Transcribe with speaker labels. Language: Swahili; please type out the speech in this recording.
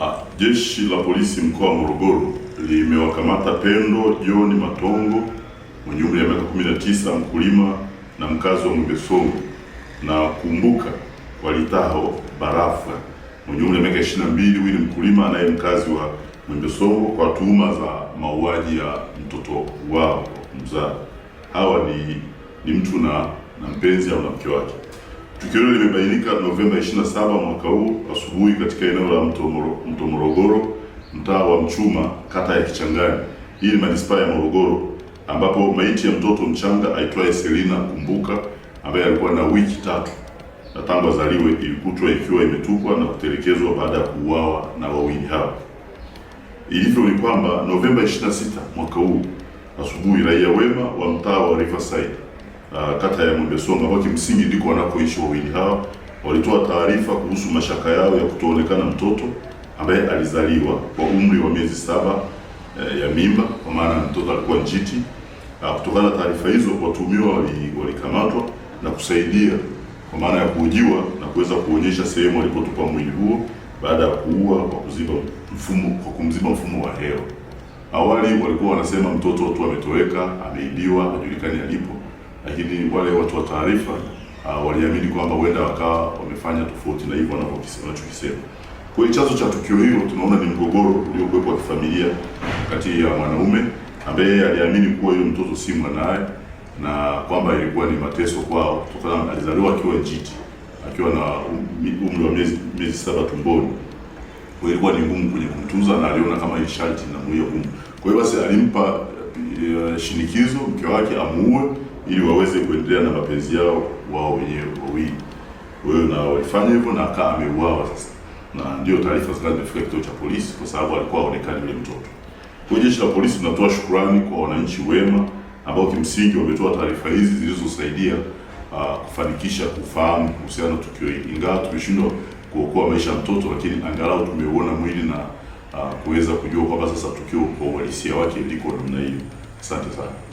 Speaker 1: Ah, jeshi la polisi mkoa wa Morogoro limewakamata Pendo John Matongo mwenye umri wa miaka 19, mkulima na mkazi wa Mwembesongo na Kumbuka Walitaho Barafa mwenye umri wa miaka 22, huyu ni mkulima anaye mkazi wa Mwembesongo kwa tuhuma za mauaji ya mtoto wao mzaa. Hawa ni, ni mtu na, na mpenzi au na mke wake. Tukio hilo limebainika Novemba 27 mwaka huu asubuhi katika eneo la mto Morogoro, mtaa wa Mchuma, kata ya Kichangani, hii ni manispaa ya Morogoro, ambapo maiti ya mtoto mchanga aitwaye Selina Kumbuka ambaye alikuwa na wiki tatu na tangu azaliwe ilikutwa ikiwa imetupwa na kutelekezwa baada ya kuuawa na wawili hao. Ilivyo ni kwamba Novemba 26 mwaka huu asubuhi, raia wema wa mtaa wa Riverside uh, kata ya Mwembesongo ambao kimsingi ndiko wanakoishi wawili hawa, walitoa taarifa kuhusu mashaka yao ya kutoonekana mtoto ambaye alizaliwa kwa umri wa miezi saba eh, ya mimba, kwa maana mtoto alikuwa njiti. Uh, kutokana na taarifa hizo watumiwa walikamatwa wali na kusaidia kwa maana ya kuhojiwa na kuweza kuonyesha sehemu walipotupa mwili huo baada ya kuua kwa kuziba mfumo kwa kumziba mfumo wa hewa. Awali walikuwa wanasema mtoto tu ametoweka, ameibiwa, hajulikani alipo lakini wale watu wa taarifa uh, waliamini kwamba huenda wakawa wamefanya tofauti na hivyo wanachokisema. Kwa hiyo chanzo cha tukio hilo tunaona ni mgogoro uliokuwepo wa kifamilia kati ya mwanaume ambaye aliamini kuwa yule mtoto si mwanaye na kwamba ilikuwa ni mateso kwao kutokana, alizaliwa akiwa njiti akiwa na um-, umri wa miezi miezi saba tumboni, kwa ilikuwa ni ngumu kwenye kumtunza na aliona kama hii sharti na mwiyo Kwa hiyo basi alimpa uh, shinikizo mke wake amuue ili waweze kuendelea na mapenzi yao wao wenyewe wawili. hiyo na walifanya hivyo na akaa ameuawa sasa, na ndio taarifa zimefika kituo cha polisi, kwa sababu alikuwa haonekani yule mtoto. Kwa jeshi la polisi tunatoa shukrani kwa wananchi wema ambao kimsingi wametoa taarifa hizi zilizosaidia uh, kufanikisha kufahamu kuhusiana na tukio hili. Ingawa tumeshindwa kuokoa maisha ya mtoto, lakini angalau tumeuona mwili na uh, kuweza kujua kwamba sasa tukio kwa uhalisia wake liko namna hiyo. Asante sana.